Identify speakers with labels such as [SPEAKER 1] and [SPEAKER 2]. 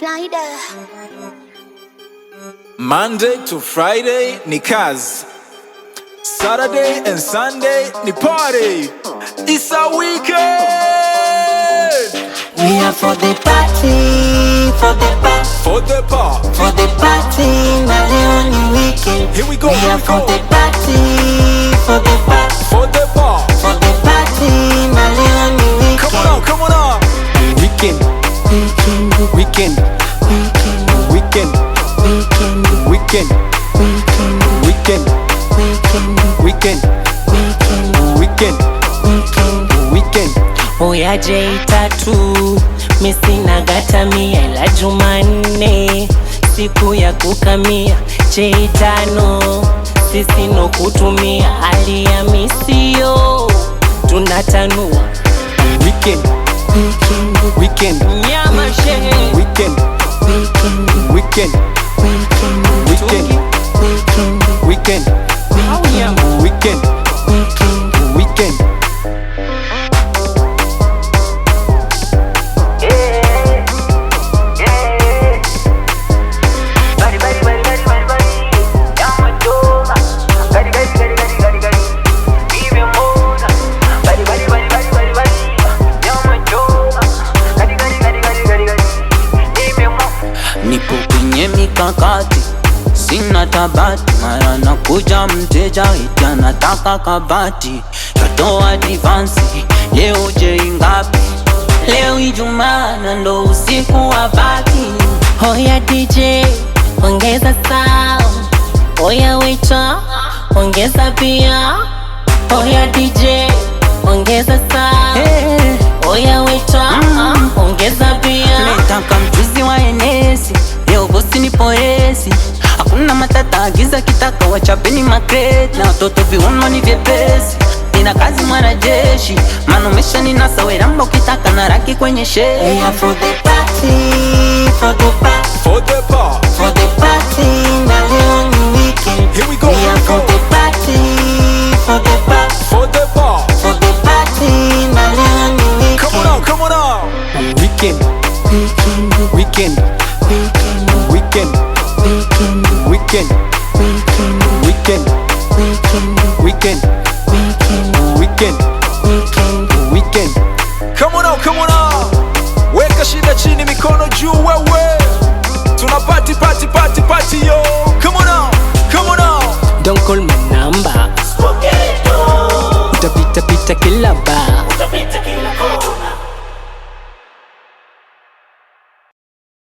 [SPEAKER 1] Friday. Monday to Friday ni kazi. Saturday and Sunday ni party. It's a weekend.
[SPEAKER 2] We are for the party, for the party,
[SPEAKER 1] for the party,
[SPEAKER 2] for the party. Na leo ni weekend. Here we go. We are we for go. the party.
[SPEAKER 1] weekend weekend weekend weekend weekend weekend weekend
[SPEAKER 3] oya J tatu misina gata mia la Jumanne siku ya kukamia J tano sisi no kutumia ya misio, tunatanua
[SPEAKER 1] weekend weekend weekend, weekend, weekend, weekend, weekend, weekend,
[SPEAKER 3] weekend,
[SPEAKER 1] weekend.
[SPEAKER 4] nipo kwenye mikakati, sina tabati, mara nakuja mteja iti anataka kabati, katoa divansi leo. Je, ingapi leo? Ijumaa na ndo usiku wa baki.
[SPEAKER 5] Hoya DJ ongeza sound, hoya weta ongeza pia
[SPEAKER 6] Giza kitakawa chapeni makreti na watoto viuno ni vyepesi. Nina kazi mwanajeshi manumesha nina saweramba na raki kwenye sherehe
[SPEAKER 1] Weekend. Weekend. Weekend
[SPEAKER 2] weekend,
[SPEAKER 1] weekend, weekend, weekend.
[SPEAKER 7] utapita
[SPEAKER 8] kila